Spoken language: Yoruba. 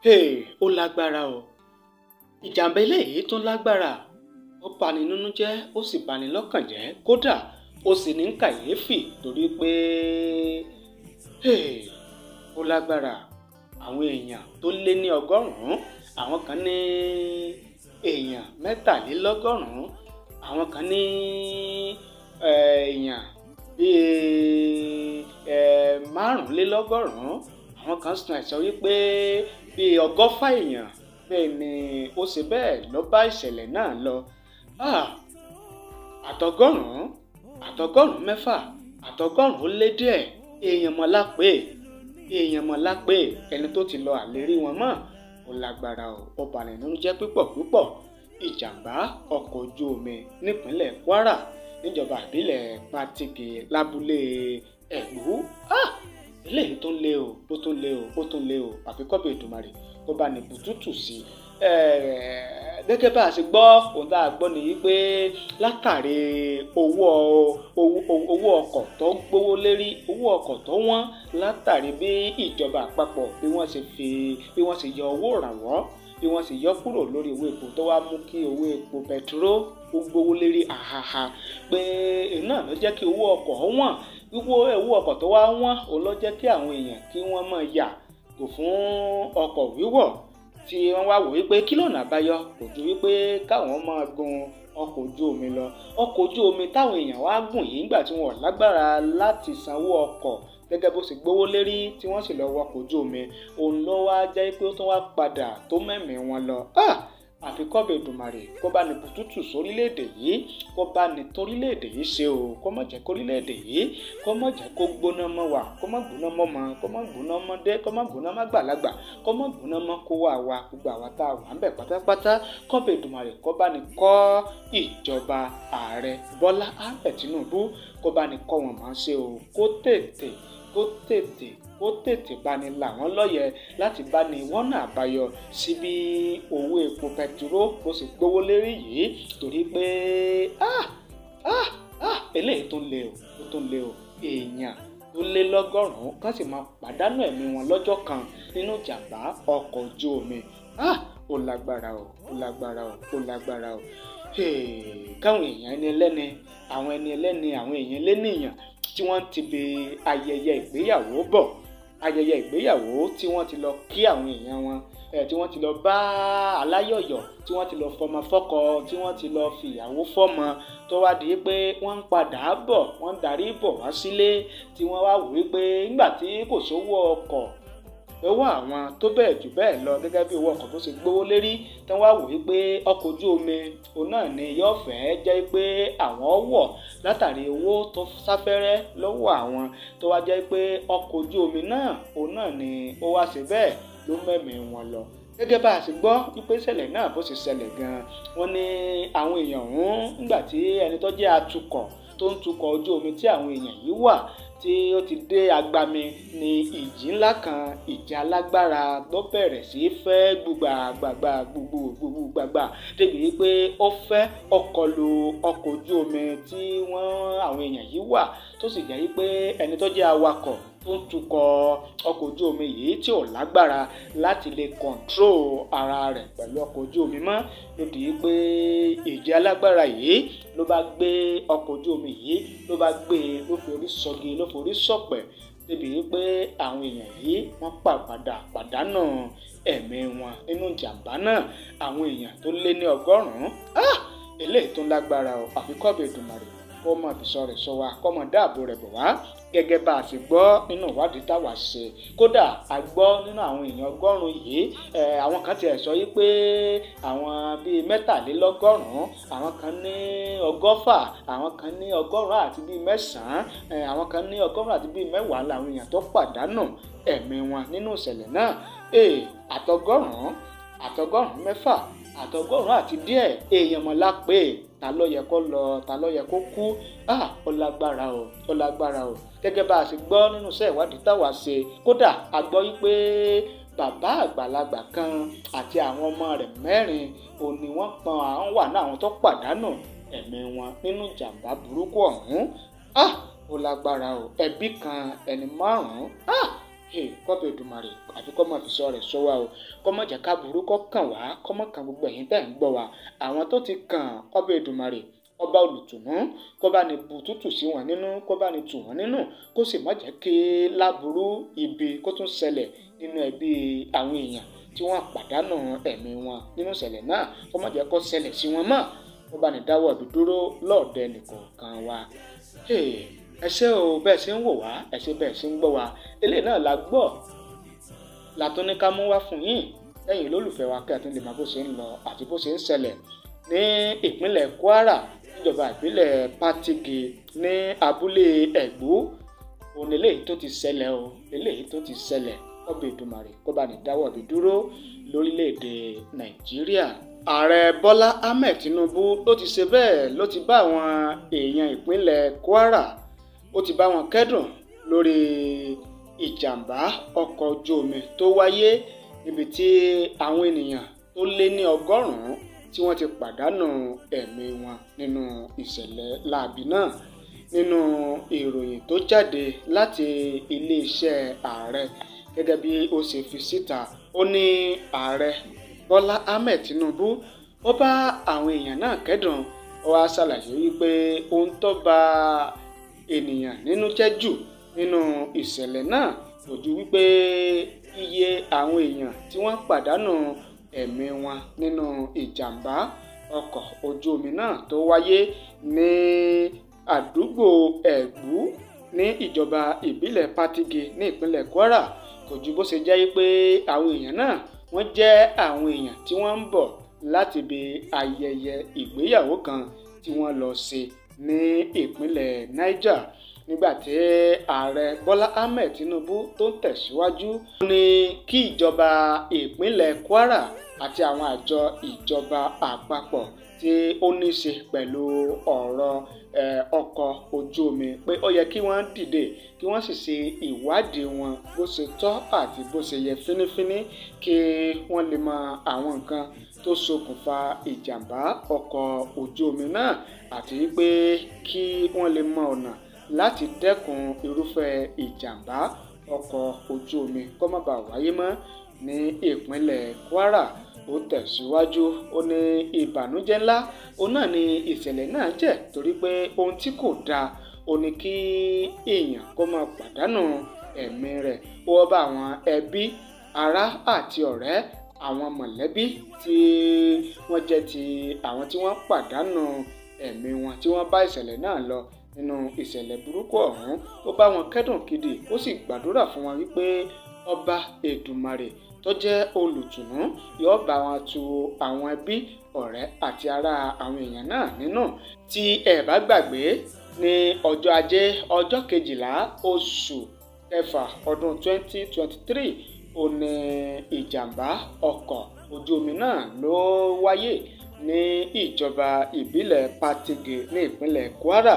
hey ó lágbára o ìjàmbá eléyìí tún lágbára ó pani nínú jẹ́ ó sì bani lọ́kàn jẹ́ kódà ó sì ní kàyéfì torí pé hey ó lágbára àwọn èèyàn tó lé ní ọgọ́rùn-ún àwọn kan ní èèyàn mẹ́tàlélọ́gọ́rùn-ún àwọn kan ní èèyàn bíi márùnlélọ́gọ́rùn àwọn kan sọ wípé bíi ọgọ́fà èèyàn bẹ́ẹ̀ ni ó ṣe bẹ́ẹ̀ ló bá ìṣẹ̀lẹ̀ náà lọ ah, àtọgọ́rùn-ún àtọgọ́rùn-ún mẹ́fà àtọgọ́rùn-ún ó lé díẹ̀ èèyàn mọ̀ lápè èèyàn mọ̀ ẹni tó ti lọ àlérí wọn mọ́ ó lágbára o ó bàlẹ̀ nínú jẹ́ púpọ̀ púpọ̀ ìjàmbá ọkọ̀ ojú omi nípínlẹ̀ Kwara níjọba ìbílẹ̀ Patigi lábúlé Ẹ̀gbú. Ah! eléyìí tó lé o ó tó lé o ó tó lé o àfikọ́bí Èdùmàrè kó bá ní bùtútù sí gẹ́gẹ́ bá a ṣe gbọ́ òun tá a gbọ́ nìyí pé látàrí owó owó ọkọ̀ tó gbówó lérí owó ọkọ̀ tó wọ́n látàrí bí ìjọba àpapọ̀ bí wọ́n ṣe fi bí wọ́n ṣe yọ owó ìrànwọ́ bí wọ́n ṣe yọ kúrò lórí owó epo tó wá mú kí owó epo pẹtiró ó gbówó lérí àhàhà pé náà ló jẹ́ kí owó ọkọ̀ wọ́n wíwó ẹ̀wù ọkọ̀ tó wá wọ́n òun ló jẹ́ kí àwọn èèyàn kí wọ́n máa yà kò fún ọkọ̀ wíwọ̀ tí wọ́n wá wò wípé kí lọ́nà àbáyọ kò ju wípé káwọn máa gun ọkọ̀ ojú omi lọ ọkọ̀ ojú omi táwọn èèyàn wá gùn yìí nígbà tí wọn ò lágbára láti sanwó ọkọ̀ gẹ́gẹ́ bó ṣe gbówó lérí tí wọ́n sì lọ wọkọ̀ ojú omi òun ló wá jẹ́ pé ó tún wá padà tó mẹ́mìí wọn lọ. Ah! àfi kọ́bẹ̀ Èdùmàrè kó bá ní bùtútù sórílẹ̀-èdè yìí kó bá ní torílẹ̀-èdè yìí ṣe o kó má jẹ́ kórílẹ̀-èdè yìí kó má jẹ́ kó gbóná mọ́ wa kó má gbóná mọ́ mọ́ kó má gbóná mọ́ dé kó má gbóná mọ́ gbàlagbà kó má gbóná mọ́ kó wà wá gbogbo àwa tá a wà ń bẹ̀ pátápátá kọ́bẹ̀ Èdùmàrè kó bá ní kọ́ ìjọba ààrẹ Bọ́lá Ahmed Tinubu kó bá ní kọ́ wọn máa ṣe o kó tètè kó tètè ó tètè bani là wọ́n lọ́yẹ̀ láti bani wọ́nà àbáyọ sí bí owó epo pẹtiró bó sì gbówó lérí yìí torí pé ah ah ah eléyìí tó ń le o ó tó ń le o èèyàn tó lé lọ́gọ́rùn-ún kan sì máa pàdánù ẹ̀mí wọn lọ́jọ́ kan nínú ìjàmbá ọkọ̀ ojú omi ah ó lágbára o ó lágbára o ó lágbára o káwọn èèyàn ẹni ẹlẹ́ni àwọn ẹni ẹlẹ́ni àwọn èèyàn lé nìyàn tí wọ́n ti be ayẹyẹ ìgbéyàwó bọ̀ ayẹyẹ ìgbéyàwó tí wọ́n ti lọ kí àwọn èèyàn wọn ẹ eh, tí wọ́n ti lọ bá aláyọ̀yọ̀ tí wọ́n ti lọ fọmọ fọ́kọ tí wọ́n ti lọ fìyàwó fọ́mọ tó wá di pé wọ́n ń padà bọ̀ wọ́n ń darí bọ̀ wá sílé tí wọ́n wá wí pé nígbà tí kò sówó ọkọ̀ lọ́wọ́ àwọn tó bẹ́ẹ̀ jù bẹ́ẹ̀ lọ gẹ́gẹ́ bí owó ọkọ̀ tó ṣe gbówó lérí tán wá wò wípé ọkọ̀ ojú omi òun náà ni yóò fẹ́ jẹ́ pé àwọn wọ̀ látàrí owó tó sáfẹ́rẹ́ lọ́wọ́ àwọn tó wá jẹ́ pé ọkọ̀ ojú omi náà òun náà ni ó wá ṣe bẹ́ẹ̀ ló mẹ́mìí wọn lọ gẹ́gẹ́ bá a ti gbọ́ wípé ìṣẹ̀lẹ̀ náà bó ṣe ṣẹlẹ̀ gan-an wọ́n àwọn èèyàn ọ̀hún nígbà tí ẹni tó jẹ́ atukọ̀ tó ń tukọ̀ ojú omi tí àwọn èèyàn yìí wà tí ó ti dé agbami ni ìjì ńlá kan ìjà alágbára tó bẹ̀rẹ̀ sí fẹ́ gbùgbàgbàgbà gbùgbùgbàgbà débi wípé ó fẹ́ ọkọlù ọkọ̀ ojú omi tí wọ́n àwọn èèyàn yìí wà tó sì jẹ́ wípé ẹni tó jẹ́ awakọ̀ tó ń tukọ̀ ọkọ̀ ojú omi yìí tí ò lágbára láti lè kọ̀ǹtró ara rẹ̀ pẹ̀lú ọkọ̀ ojú omi mọ́ lódì pé ìjẹ́ alágbára yìí ló bá gbé ọkọ̀ ojú omi yìí ló bá gbé e ló forí sọgi ló forí sọ̀pẹ̀ débi pé àwọn èèyàn yìí wọ́n pàpàdà pàdánù ẹ̀mí wọn nínú ìjàmbá náà àwọn èèyàn tó lé ní ọgọ́rùn-ún ah! eléyìí tó lágbára àfikọ́ bẹ̀ẹ́dùmarè kó mọ̀ fi sọ rẹ̀ sọ wa kó dáàbò rẹ̀ bọ̀ wá gẹ́gẹ́ bá a ṣe gbọ́ nínú ìwádìí táwa ṣe kódà a gbọ́ nínú àwọn èèyàn ọgọ́rùn-ún yìí àwọn kan tiẹ̀ sọ wípé àwọn bíi mẹ́tàlélọ́gọ́rùn-ún àwọn kan ní ọgọ́fà àwọn kan ní ọgọ́rùn-ún àti bíi mẹ́sàn-án àwọn kan ní ọgọ́rùn-ún àti bíi mẹ́wàá làwọn èèyàn tó pàdánù ẹ̀mí wọn nínú ìṣẹ̀lẹ̀ náà àtọgọ́rùn-ún àtọgọ́rùn-ún mẹ́fà àtọgọ́rùn-ún àti díẹ̀ èèyàn mọ̀lá pé ta ló yẹ kó lọ ta ló yẹ kó kú ah, ó lágbára o ó lágbára o gẹ́gẹ́ bá a ṣe gbọ́ nínú iṣẹ́ ìwádìí táwa ṣe kódà a gbọ́ yí pé bàbá àgbàlagbà kan àti àwọn ọmọ rẹ̀ mẹ́rin òun ni wọ́n pọn àwọn wà náà àwọn tó pàdánù ẹ̀mí wọn nínú ìjàmbá burúkú ọ̀hún ah ó lágbára o ẹbí kan ẹni márùn-ún ah kọ́bẹ̀ Èdùmàrè àfi kọ́mọ àfisọ́ rẹ̀ sọ wa o kọ́mọ jẹ́ ká burúkọ kàn wá kọ́mọ kan gbogbo ẹ̀yin tẹ́ ń gbọ́ wa àwọn tó ti kàn kọ́bẹ̀ Èdùmàrè ọba olùtùnú kó bá ní bu tútù sí wọn nínú kó bá ní tù wọn nínú kó sì má jẹ́ kí láburú ibi kó tún ṣẹlẹ̀ nínú ẹbí àwọn èèyàn tí wọ́n pàdánù ẹ̀mí wọn nínú ìṣẹ̀lẹ̀ náà kó má jẹ́ kó ṣẹlẹ̀ sí wọn mọ́ kó bá ní dáwọ́ ibi dúró lọ́ọ̀dẹ nìkọ̀ọ̀kan wa. ẹ ṣé o bẹ́ẹ̀ ṣe ń wò wá ẹ ṣé ṣe ń gbọ́ wa eléyìí náà la gbọ́ la tún ní ká mú wá fún yín lẹ́yìn olólùfẹ́ wa kẹ́ẹ̀tún lè máa bó ṣe ń lọ àti bó ṣe ń níjọba ìbílẹ̀ Patigi ní abúlé Ẹ̀gbú òun eléyìí tó ti ṣẹlẹ̀ o eléyìí tó ti ṣẹlẹ̀ kọ́bí Èdùmàrè kó bá ní dáwọ́ bí dúró lórílẹ̀‐èdè Nàìjíríà ààrẹ Bọ́lá Ahmed Tinubu ló ti ṣe bẹ́ẹ̀ ló ti bá àwọn èèyàn ìpínlẹ̀ Kwara ó ti bá wọn kẹ́dùn lórí ìjàmbá ọkọ̀ ojú omi tó wáyé níbi tí àwọn ènìyàn tó lé ní ọgọ́rùn-ún tí wọ́n ti pàdánù ẹ̀mí wọn nínú ìṣẹ̀lẹ̀ láabi náà nínú ìròyìn tó jáde láti iléeṣẹ́ ààrẹ gẹ́gẹ́ bí ó ṣe fi síta ó ní ààrẹ Bọ́lá Ahmed Tinubu ó bá àwọn èèyàn náà kẹ́dùn ó wá ṣàlàyé wípé ohun tó ba ènìyàn nínú jẹ́ jù nínú ìṣẹ̀lẹ̀ náà kò ju wípé iye àwọn èèyàn tí wọ́n pàdánù ẹ̀mí wọn nínú ìjàmbá ọkọ̀ ojú omi náà tó wáyé ní àdúgbò ẹ̀gbú ní ìjọba ìbílẹ̀ pátígé ní ìpínlẹ̀ kwara kò ju bó ṣe jẹ́ pé àwọn èèyàn náà wọ́n jẹ́ àwọn èèyàn tí wọ́n ń bọ̀ láti ibi ayẹyẹ ìgbéyàwó kan tí wọ́n lọ ṣe ní ìpínlẹ̀ niger nígbà tí ààrẹ bọ́lá ahmed tinubu tó ń tẹ̀síwájú ní kí ìjọba ìpínlẹ̀ kwara àti àwọn àjọ ìjọba àpapọ̀ tí ó ní í ṣe pẹ̀lú ọ̀rọ̀ ọkọ̀ ojú omi pé ó yẹ kí wọ́n dìde kí wọ́n sì ṣe ìwádìí wọn bó ṣe tọ́ àti bó ṣe yẹ fínífíní kí wọ́n lè mọ àwọn nǹkan tó ṣokùnfà ìjàmbá ọkọ̀ ojú omi náà àti pé kí wọ́n lè mọ ọ̀nà láti dẹ́kun irúfẹ́ ìjàmbá ọkọ̀ ojú omi kó má bàa wáyé mọ́ ní ìpínlẹ̀ Kwara ó tẹ̀síwájú ó ní ìbànújẹ́ ńlá òun náà ni ìṣẹ̀lẹ̀ náà jẹ́ torí pé ohun tí kò dáa ó ní kí èèyàn kó máa pàdánù ẹ̀mí rẹ̀ ó wọ́n bá àwọn ẹbí ará àti ọ̀rẹ́ àwọn mọ̀lẹ́bí tí wọ́n jẹ́ ti àwọn tí wọ́n pàdánù ẹ̀mí wọn tí wọ́n bá ìṣẹ̀lẹ̀ náà lọ nínú ìṣẹ̀lẹ̀ burúkú ọ̀hún ó bá wọn kẹ́dùn gidi ó sì gbàdúrà fún wọn wípé ọba èdùmarè tó jẹ́ olùtùnú yóò bá wọn tu àwọn ẹbí ọ̀rẹ́ àti ará àwọn èèyàn náà nínú tí ẹ bá gbàgbé ní ọjọ́ ajé ọjọ́ kejìlá oṣù kẹfà ọdún 2023 ó ní ìjàmbá ọkọ̀ ojú omi náà ló wáyé ní ìjọba ìbílẹ̀ Patigi ní ìpínlẹ̀ Kwara